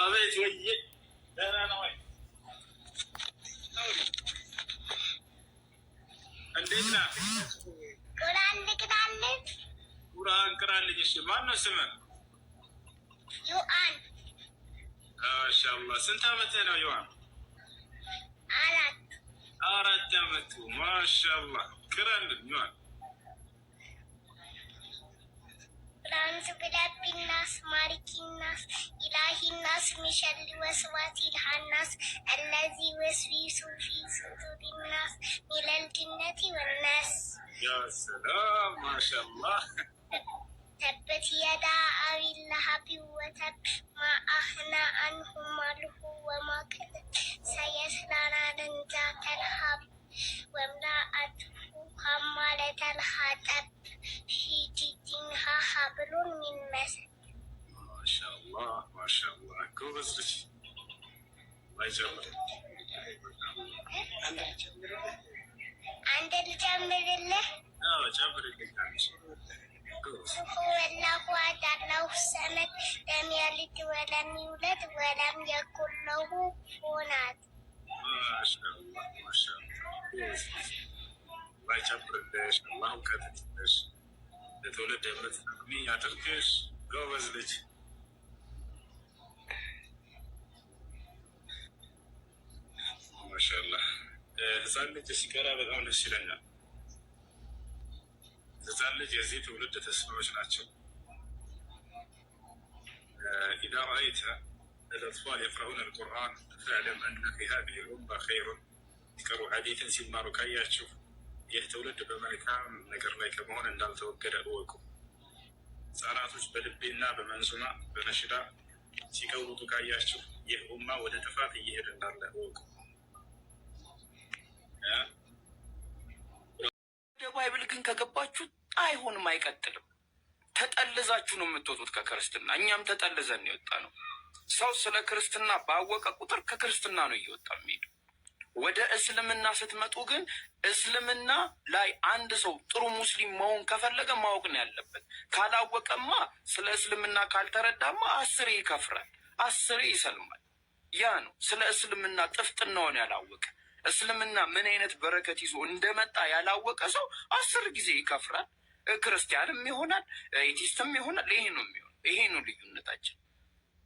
አቤት ወይዬ ደህና ነው። እንዴት ናት? ቁርአን ልቅራልሽ? ቁርአን ቅራልኝ። እሺ ማነው ስምህ? ዮሐን። ማሻአላ ስንት አመትህ ነው ዮሐን? አራት አራት አመቱ። ማሻአላ ቅራልኝ ዮሐን ቁርአን ሱግዳቢና ስማ شر وسواس الحناس الذي يوسوس في صدور الناس من الجنة والناس يا سلام ما شاء الله تبت يدا أبي لهب وتب ما أغنى عنه ماله وما كسب سيصلى نارا ذات لهب وامرأته حمالة الحطب في جدها حبل من مسد ጎበዝ ልጅ አይጨምር አንድ ልጨምርልህ ወላሁ አሐድ አላሁ ሰመድ ያድርግሽ። ጎበዝ ልጅ ነጻነት ሲቀራ በጣም ደስ ይለኛል። ህፃን ልጅ የዚህ ትውልድ ተስፋዎች ናቸው። ኢዳ ረአይተ አልአጥፋል የቅረኡን አልቁርአን ፈዕለም አነ ፊ ልኡማ ኸይሩን ይቀሩ ሐዲትን ሲማሩ ካያችሁ ይህ ትውልድ በመልካም ነገር ላይ ከመሆን እንዳልተወገደ እወቁ። ህፃናቶች በልቤና በመንዙማ በነሽዳ ሲቀውጡ ካያችሁ ይህ ኡማ ወደ ጥፋት እየሄደ እንዳለ እወቁ። ወደ ባይብል ግን ከገባችሁ አይሆንም፣ አይቀጥልም። ተጠልዛችሁ ነው የምትወጡት ከክርስትና። እኛም ተጠልዘን የወጣ ነው። ሰው ስለ ክርስትና ባወቀ ቁጥር ከክርስትና ነው እየወጣ የሚሄዱ። ወደ እስልምና ስትመጡ ግን እስልምና ላይ አንድ ሰው ጥሩ ሙስሊም መሆን ከፈለገ ማወቅ ነው ያለበት። ካላወቀማ ስለ እስልምና ካልተረዳማ አስሬ ይከፍራል፣ አስሬ ይሰልማል። ያ ነው ስለ እስልምና ጥፍጥናውን ያላወቀ እስልምና ምን አይነት በረከት ይዞ እንደመጣ ያላወቀ ሰው አስር ጊዜ ይከፍራል። ክርስቲያንም ይሆናል፣ ኤቲስትም ይሆናል። ይሄ ነው የሚሆን። ይሄ ነው ልዩነታችን።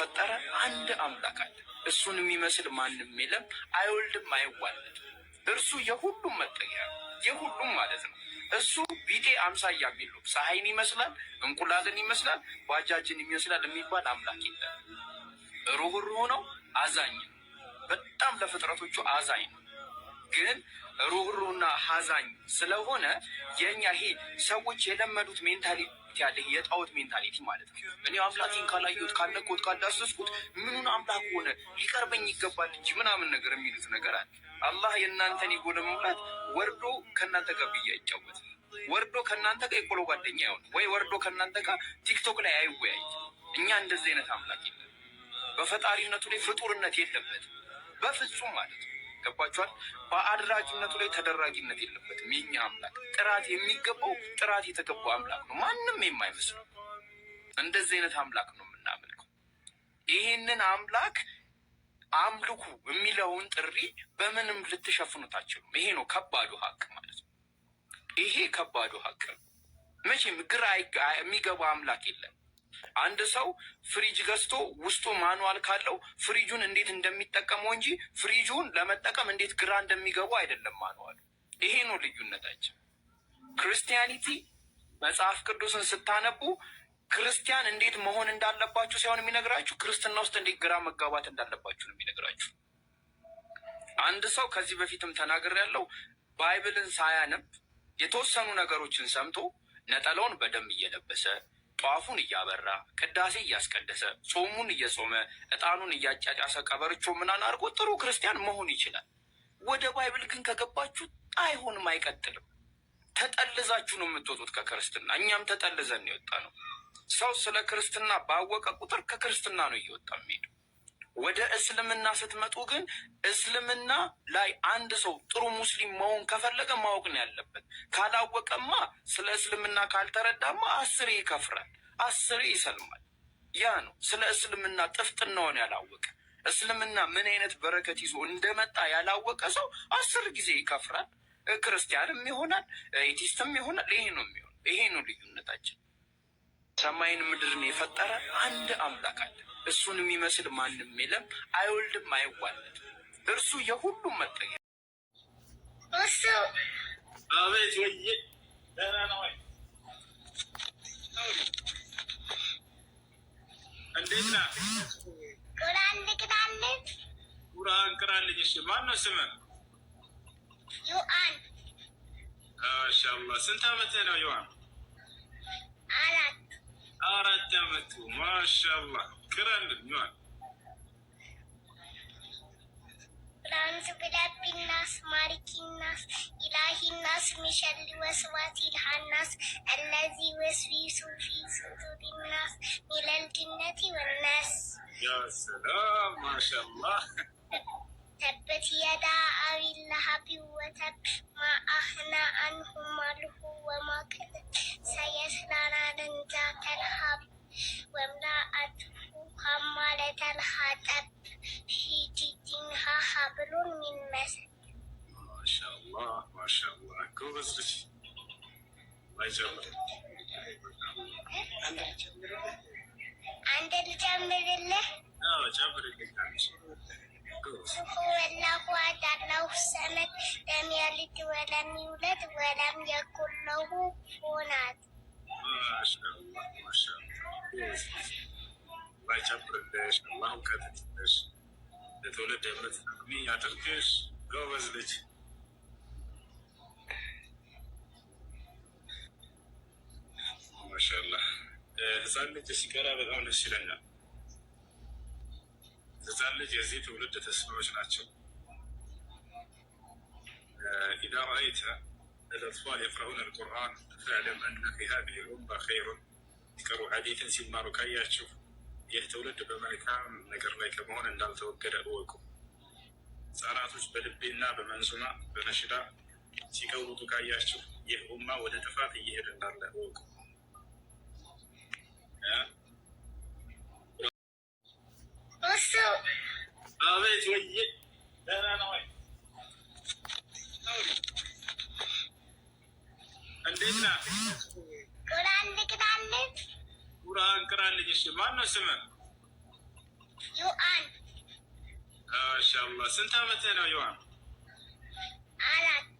ፈጠረ አንድ አምላክ አለ። እሱን የሚመስል ማንም የለም። አይወልድም፣ አይዋለድም። እርሱ የሁሉም መጠጊያ የሁሉም ማለት ነው። እሱ ቢጤ አምሳያ የሚሉ ፀሐይን ይመስላል፣ እንቁላልን ይመስላል፣ ባጃጅን ይመስላል የሚባል አምላክ የለም። ሩህሩህ ነው፣ አዛኝ ነው። በጣም ለፍጥረቶቹ አዛኝ ነው። ግን ሩህሩህና ሀዛኝ ስለሆነ የኛ ይሄ ሰዎች የለመዱት ሜንታሊቲ ያለ የጣዖት ሜንታሊቲ ማለት ነው። እኔ አምላኬን ካላየሁት ካነኮት ካዳሰስኩት ምኑን አምላክ ሆነ ሊቀርበኝ ይገባል እንጂ ምናምን ነገር የሚሉት ነገር አለ። አላህ የእናንተን የጎነ መምላት ወርዶ ከእናንተ ጋር ብዬ አይጫወት ወርዶ ከእናንተ ጋር የቆሎ ጓደኛ ይሆን ወይ ወርዶ ከእናንተ ጋር ቲክቶክ ላይ አይወያይ። እኛ እንደዚህ አይነት አምላክ የለም። በፈጣሪነቱ ላይ ፍጡርነት የለበት በፍጹም ማለት ነው። ገባችኋል? በአድራጊነቱ ላይ ተደራጊነት የለበትም። የኛ አምላክ ጥራት የሚገባው ጥራት የተገባው አምላክ ነው። ማንም የማይመስሉ እንደዚህ አይነት አምላክ ነው የምናመልከው። ይህንን አምላክ አምልኩ የሚለውን ጥሪ በምንም ልትሸፍኑት አትችሉም። ይሄ ነው ከባዱ ሀቅ ማለት ነው። ይሄ ከባዱ ሀቅ ነው። መቼም ግራ የሚገባ አምላክ የለም። አንድ ሰው ፍሪጅ ገዝቶ ውስጡ ማኑዋል ካለው ፍሪጁን እንዴት እንደሚጠቀመው እንጂ ፍሪጁን ለመጠቀም እንዴት ግራ እንደሚገቡ አይደለም ማኑዋል። ይሄ ነው ልዩነታችን። ክርስቲያኒቲ መጽሐፍ ቅዱስን ስታነቡ ክርስቲያን እንዴት መሆን እንዳለባችሁ ሳይሆን የሚነግራችሁ ክርስትና ውስጥ እንዴት ግራ መጋባት እንዳለባችሁ ነው የሚነግራችሁ። አንድ ሰው ከዚህ በፊትም ተናግር ያለው ባይብልን ሳያነብ የተወሰኑ ነገሮችን ሰምቶ ነጠላውን በደንብ እየለበሰ ጧፉን እያበራ ቅዳሴ እያስቀደሰ ጾሙን እየጾመ እጣኑን እያጫጫሰ ቀበርቾ ምናን አድርጎ ጥሩ ክርስቲያን መሆን ይችላል። ወደ ባይብል ግን ከገባችሁ አይሆንም፣ አይቀጥልም። ተጠልዛችሁ ነው የምትወጡት ከክርስትና። እኛም ተጠልዘን ነው የወጣ ነው። ሰው ስለ ክርስትና ባወቀ ቁጥር ከክርስትና ነው እየወጣ የሚሄዱ ወደ እስልምና ስትመጡ ግን እስልምና ላይ አንድ ሰው ጥሩ ሙስሊም መሆን ከፈለገ ማወቅ ነው ያለበት። ካላወቀማ ስለ እስልምና ካልተረዳማ አስሬ ይከፍራል፣ አስሬ ይሰልማል። ያ ነው ስለ እስልምና ጥፍጥናውን ያላወቀ እስልምና ምን አይነት በረከት ይዞ እንደመጣ ያላወቀ ሰው አስር ጊዜ ይከፍራል። ክርስቲያንም ይሆናል፣ ኤቲስትም ይሆናል። ይሄ ነው የሚሆነው። ይሄ ነው ልዩነታችን። ሰማይን ምድርን የፈጠረ አንድ አምላክ አለ። እሱን የሚመስል ማንም የለም። አይወልድም፣ አይዋለድ። እርሱ የሁሉም መጠጊያ። ቁርአን ቅራልኝ። እሺ፣ ማነው ስምህ? ማሻአላህ። ስንት አመትህ ነው ዮሐን? አራት አራት አመቱ ማሻአላህ ክረን ምን ራንዝ ብላቢናስ ማሪኪናስ ኢላሂናስ ሚሸል ወስዋት ኢልሃናስ አለዚ ወስዊሱ ፊ ሱዱሪናስ ሚለል ጅነቲ ወናስ ያ ሰላም ማሻአላህ ተበት ወለም የኩን ለሁ ሁናት ባይጨምርልሽ አላህ ለትውልድ የምትጠቅሚ ያድርግሽ። ጎበዝ ልጅ ማሻአላህ። ህፃን ልጅ ሲቀራ በጣም ደስ ይለኛል። ህፃን ልጅ የዚህ ትውልድ ተስፋዎች ናቸው። الاطفال يقرؤون القران فاعلم ان في هذه الامه خير ذكروا حديثا سيد ماروكاي يشوف يهتولد بملكا نقر لك مهون ان توقد ابوكم ህጻናቶች በልቤና በመንዙማ በነሽዳ ሲቀውጡ ካያችሁ ይህ ኡማ ወደ ጥፋት እየሄደ እንዳለ እወቁ። አቤት ወይ ደህና ነው ወይ? ቁርአን ቅራልኝ። እሺ ማነው ስምህ? ዮአን። ማሻአላ ስንት አመትህ ነው ዮአን? አራት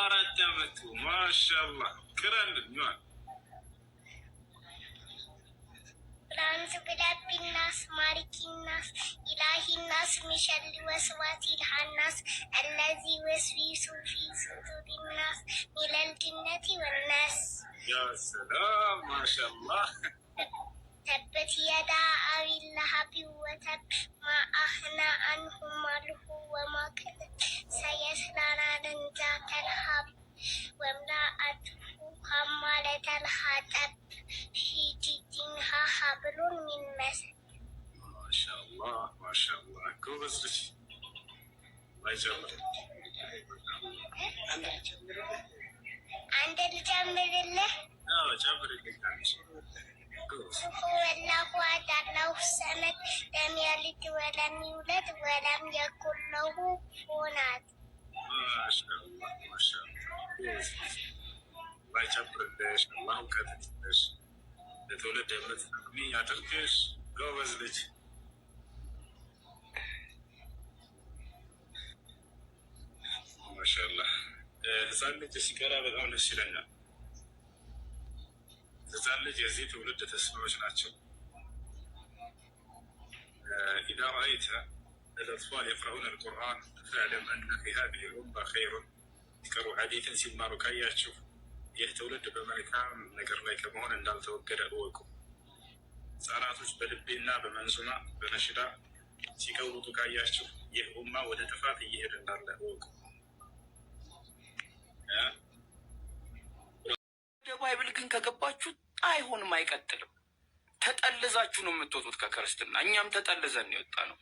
አራት አመቱ ማሻአላ። ቅራልኝ ዮአን ራንዝ ብላቢናስ ማሪኪናስ ኢላሂናስ ሚሸል ወስዋት ኢልሃናስ አለዚ ወስዊሱ ፊ ሱዱሪናስ ሚለል ጅነቲ ወናስ። ያ ሰላም ማሻአላ تبت يدا أبي اللهب وتب ما أخنا عنه ماله وما كسب سيصلى نارا ذات لهب وامرأته حمالة الحطب في جيدها حبل من مسد ما شاء الله ما شاء الله ما شاء الله عند يجبرك عندك جمرله عندك جمرله اه الله ስብሑ ወላሁ ሰመት አላሁ ወለም ይውለድ ወለም የኩን ለሁ ኩፉወን ባይጨምርልሽ አላህ እውቀት ይስጥሽ፣ ለትውልድ የምትጠቅሚ ያድርግሽ። ጎበዝ ልጅ ማሻአላህ። ህፃን ልጅ ሲቀራ በጣም ደስ ይለኛል። ህፃን ልጅ የዚህ ትውልድ ተስፋዎች ናቸው። ኢዳ ረአይተ አልአጥፋል የቅረኡን አልቁርአን ፈዕለም አነ ፊ ሃዚህ ልኡማ ኸይሩን ሐዲትን ሲማሩ ካያችሁ ይህ ትውልድ በመልካም ነገር ላይ ከመሆን እንዳልተወገደ እወቁ። ህጻናቶች በልቤና በመንዙማ በነሽዳ ሲቀውጡ ካያችሁ ይህ ኡማ ወደ ጥፋት እየሄደ እንዳለ እወቁ። ግን ከገባችሁ አይሆንም፣ አይቀጥልም። ተጠልዛችሁ ነው የምትወጡት ከክርስትና። እኛም ተጠልዘን የወጣ ነው።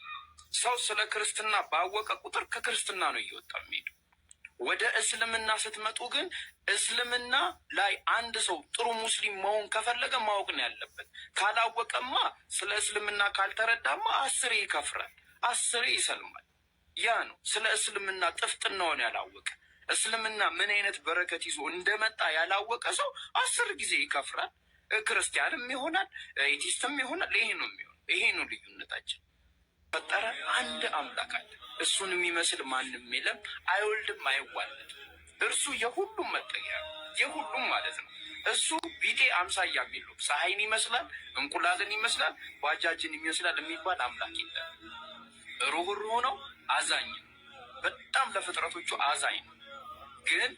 ሰው ስለ ክርስትና ባወቀ ቁጥር ከክርስትና ነው እየወጣ የሚሄዱ። ወደ እስልምና ስትመጡ ግን እስልምና ላይ አንድ ሰው ጥሩ ሙስሊም መሆን ከፈለገ ማወቅ ነው ያለበት። ካላወቀማ ስለ እስልምና ካልተረዳማ አስሬ ይከፍራል፣ አስሬ ይሰልማል። ያ ነው ስለ እስልምና ጥፍጥናውን ያላወቀ እስልምና ምን አይነት በረከት ይዞ እንደመጣ ያላወቀ ሰው አስር ጊዜ ይከፍራል። ክርስቲያንም ይሆናል፣ ኤቲስትም ይሆናል። ይሄ ነው የሚሆን። ይሄ ነው ልዩነታችን። ፈጠረ አንድ አምላክ አለ። እሱን የሚመስል ማንም የለም። አይወልድም፣ አይዋለድም። እርሱ የሁሉም መጠጊያ የሁሉም ማለት ነው። እሱ ቢጤ አምሳያ የሚሉ ፀሐይን ይመስላል፣ እንቁላልን ይመስላል፣ ባጃጅን ይመስላል የሚባል አምላክ የለም። ሩህሩህ ነው፣ አዛኝ ነው። በጣም ለፍጥረቶቹ አዛኝ ነው። ግን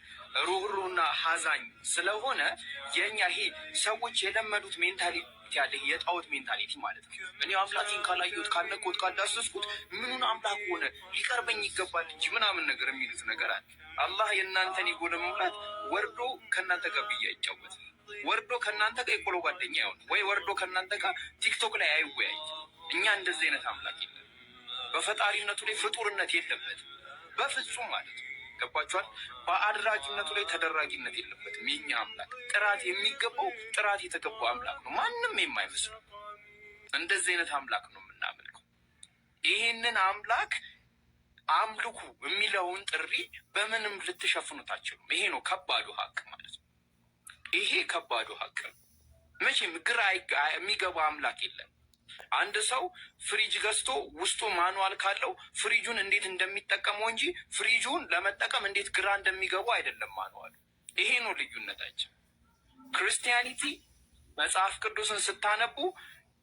ሩህሩና ሀዛኝ ስለሆነ የኛ ይሄ ሰዎች የለመዱት ሜንታሊቲ ያለ የጣዖት ሜንታሊቲ ማለት ነው። እኔ አምላኬን ካላየሁት ካነኮት ካዳሰስኩት ምኑን አምላክ ሆነ ሊቀርበኝ ይገባል እንጂ ምናምን ነገር የሚሉት ነገር አለ። አላህ የእናንተን የጎነ መምላት ወርዶ ከእናንተ ጋር ብዬ አይጫወት፣ ወርዶ ከእናንተ ጋር የቆሎ ጓደኛ ይሆን ወይ ወርዶ ከእናንተ ጋር ቲክቶክ ላይ አይወያይ። እኛ እንደዚህ አይነት አምላክ የለም። በፈጣሪነቱ ላይ ፍጡርነት የለበት በፍጹም ማለት ነው። ገባችኋል? በአድራጊነቱ ላይ ተደራጊነት የለበትም። የኛ አምላክ ጥራት የሚገባው ጥራት የተገባው አምላክ ነው። ማንም የማይመስለው እንደዚህ አይነት አምላክ ነው የምናመልከው። ይህንን አምላክ አምልኩ የሚለውን ጥሪ በምንም ልትሸፍኑት ይሄ ነው ከባዱ ሀቅ ማለት ነው። ይሄ ከባዱ ሀቅ ነው። መቼም ግራ የሚገባ አምላክ የለም። አንድ ሰው ፍሪጅ ገዝቶ ውስጡ ማኑዋል ካለው ፍሪጁን እንዴት እንደሚጠቀመው እንጂ ፍሪጁን ለመጠቀም እንዴት ግራ እንደሚገቡ አይደለም ማኑዋል። ይሄ ነው ልዩነታችን። ክርስቲያኒቲ መጽሐፍ ቅዱስን ስታነቡ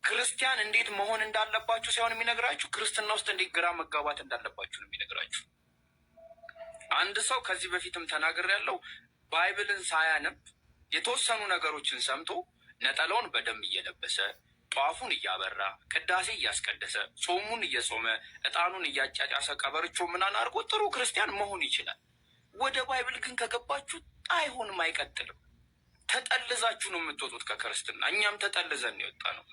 ክርስቲያን እንዴት መሆን እንዳለባችሁ ሳይሆን የሚነግራችሁ ክርስትና ውስጥ እንዴት ግራ መጋባት እንዳለባችሁ ነው የሚነግራችሁ። አንድ ሰው ከዚህ በፊትም ተናግር ያለው ባይብልን ሳያነብ የተወሰኑ ነገሮችን ሰምቶ ነጠላውን በደንብ እየለበሰ ጧፉን እያበራ ቅዳሴ እያስቀደሰ ጾሙን እየጾመ እጣኑን እያጫጫሰ ቀበርቾ ምናን አድርጎ ጥሩ ክርስቲያን መሆን ይችላል። ወደ ባይብል ግን ከገባችሁ አይሆንም፣ አይቀጥልም። ተጠልዛችሁ ነው የምትወጡት ከክርስትና። እኛም ተጠልዘን ነው የወጣ ነው።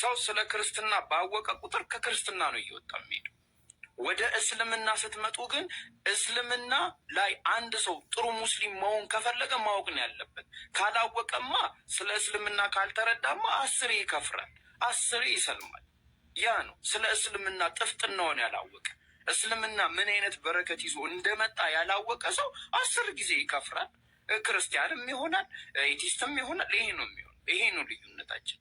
ሰው ስለ ክርስትና ባወቀ ቁጥር ከክርስትና ነው እየወጣ የሚሄደው። ወደ እስልምና ስትመጡ ግን እስልምና ላይ አንድ ሰው ጥሩ ሙስሊም መሆን ከፈለገ ማወቅ ነው ያለበት። ካላወቀማ ስለ እስልምና ካልተረዳማ አስሬ ይከፍራል፣ አስሬ ይሰልማል። ያ ነው ስለ እስልምና ጥፍጥናውን ያላወቀ እስልምና ምን አይነት በረከት ይዞ እንደመጣ ያላወቀ ሰው አስር ጊዜ ይከፍራል። ክርስቲያንም ይሆናል፣ ኤቲስትም ይሆናል። ይሄ ነው የሚሆነው። ይሄ ነው ልዩነታችን።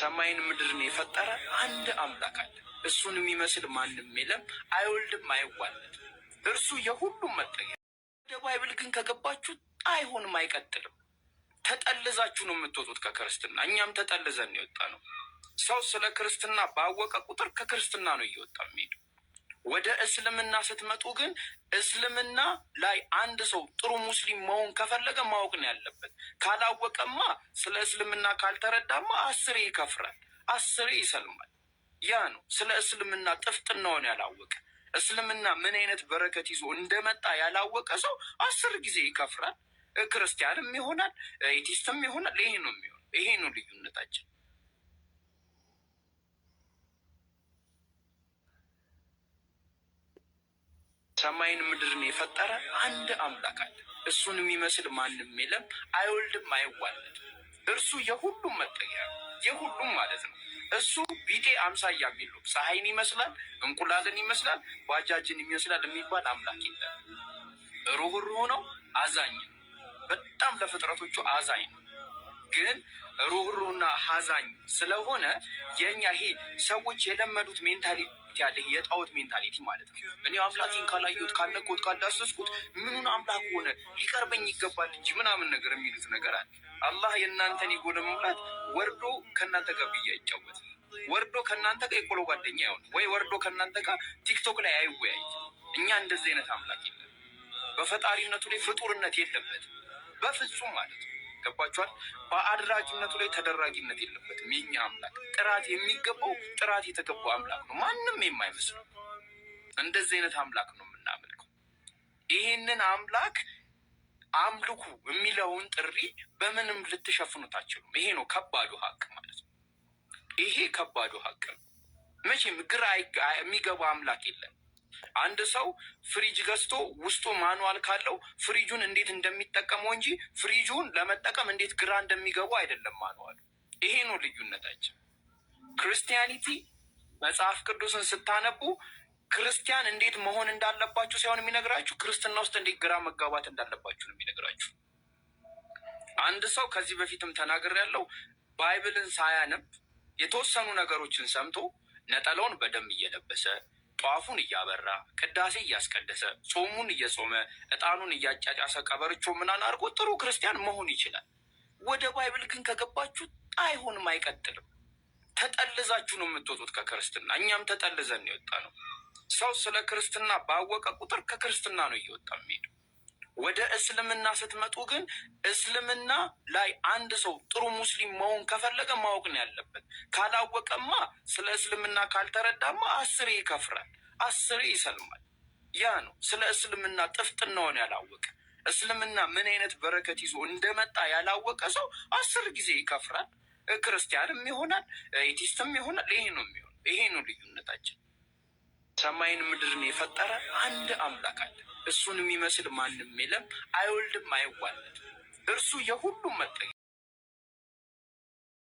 ሰማይን ምድርን የፈጠረ አንድ አምላክ አለ። እሱን የሚመስል ማንም የለም። አይወልድም፣ አይዋለድ። እርሱ የሁሉም መጠጊያ። ወደ ባይብል ግን ከገባችሁ አይሆንም፣ አይቀጥልም። ተጠልዛችሁ ነው የምትወጡት ከክርስትና። እኛም ተጠልዘን የወጣ ነው። ሰው ስለ ክርስትና ባወቀ ቁጥር ከክርስትና ነው እየወጣ የሚሄዱ። ወደ እስልምና ስትመጡ ግን እስልምና ላይ አንድ ሰው ጥሩ ሙስሊም መሆን ከፈለገ ማወቅ ነው ያለበት። ካላወቀማ ስለ እስልምና ካልተረዳማ አስሬ ይከፍራል፣ አስሬ ይሰልማል። ያ ነው። ስለ እስልምና ጥፍጥናውን ያላወቀ እስልምና ምን አይነት በረከት ይዞ እንደመጣ ያላወቀ ሰው አስር ጊዜ ይከፍራል። ክርስቲያንም ይሆናል፣ ኤቲስትም ይሆናል። ይሄ ነው የሚሆነው። ይሄ ነው ልዩነታችን። ሰማይን ምድርን የፈጠረ አንድ አምላክ አለ። እሱን የሚመስል ማንም የለም። አይወልድም፣ አይዋለድም። እርሱ የሁሉም መጠጊያ የሁሉም ማለት ነው። እሱ ቢጤ አምሳያ የሚሉ ፀሐይን ይመስላል፣ እንቁላልን ይመስላል፣ ባጃጅን ይመስላል የሚባል አምላክ የለም። ሩህሩህ ነው፣ አዛኝ ነው። በጣም ለፍጥረቶቹ አዛኝ ነው። ግን ሩህሩህና አዛኝ ስለሆነ የኛ ይሄ ሰዎች የለመዱት ሜንታሊቲ ያለህ የጣዖት ሜንታሊቲ ማለት ነው። እኔ አምላኬን ካላየሁት ካነኮት ካዳሰስኩት ምኑን አምላክ ሆነ ሊቀርበኝ ይገባል እንጂ ምናምን ነገር የሚሉት ነገር አለ። አላህ የእናንተን የጎ ለመሙላት ወርዶ ከእናንተ ጋር ብዬ አይጫወት፣ ወርዶ ከእናንተ ጋር የቆሎ ጓደኛ ይሆን ወይ ወርዶ ከእናንተ ጋር ቲክቶክ ላይ አይወያይ። እኛ እንደዚህ አይነት አምላክ የለም። በፈጣሪነቱ ላይ ፍጡርነት የለበት በፍጹም ማለት ነው። ገባችኋል? በአድራጊነቱ ላይ ተደራጊነት የለበትም። የኛ አምላክ ጥራት የሚገባው ጥራት የተገባው አምላክ ነው። ማንም የማይመስለው እንደዚህ አይነት አምላክ ነው የምናመልከው። ይህንን አምላክ አምልኩ የሚለውን ጥሪ በምንም ልትሸፍኑት ይሄ ነው ከባዱ ሀቅ ማለት ነው። ይሄ ከባዱ ሀቅ ነው። መቼም ግራ የሚገባ አምላክ የለም። አንድ ሰው ፍሪጅ ገዝቶ ውስጡ ማኑዋል ካለው ፍሪጁን እንዴት እንደሚጠቀመው እንጂ ፍሪጁን ለመጠቀም እንዴት ግራ እንደሚገቡ አይደለም ማኑዋሉ። ይሄ ነው ልዩነታችን። ክርስቲያኒቲ መጽሐፍ ቅዱስን ስታነቡ ክርስቲያን እንዴት መሆን እንዳለባችሁ ሳይሆን የሚነግራችሁ ክርስትና ውስጥ እንዴት ግራ መጋባት እንዳለባችሁ ነው የሚነግራችሁ። አንድ ሰው ከዚህ በፊትም ተናግር ያለው ባይብልን ሳያነብ የተወሰኑ ነገሮችን ሰምቶ ነጠላውን በደንብ እየለበሰ ጧፉን እያበራ ቅዳሴ እያስቀደሰ ጾሙን እየጾመ እጣኑን እያጫጫሰ ቀበርቾ ምናን አድርጎ ጥሩ ክርስቲያን መሆን ይችላል። ወደ ባይብል ግን ከገባችሁ አይሆንም፣ አይቀጥልም። ተጠልዛችሁ ነው የምትወጡት ከክርስትና። እኛም ተጠልዘን ነው የወጣ ነው። ሰው ስለ ክርስትና ባወቀ ቁጥር ከክርስትና ነው እየወጣ የሚሄደው። ወደ እስልምና ስትመጡ ግን እስልምና ላይ አንድ ሰው ጥሩ ሙስሊም መሆን ከፈለገ ማወቅ ነው ያለበት። ካላወቀማ ስለ እስልምና ካልተረዳማ አስሬ ይከፍራል፣ አስሬ ይሰልማል። ያ ነው ስለ እስልምና ጥፍጥናውን ያላወቀ እስልምና ምን አይነት በረከት ይዞ እንደመጣ ያላወቀ ሰው አስር ጊዜ ይከፍራል። ክርስቲያንም ይሆናል፣ ኤቲስትም ይሆናል። ይሄ ነው የሚሆነው። ይሄ ነው ልዩነታችን። ሰማይን ምድርን የፈጠረ አንድ አምላክ አለ። እሱን የሚመስል ማንም የለም። አይወልድም፣ አይዋለድም። እርሱ የሁሉም መጠጊያ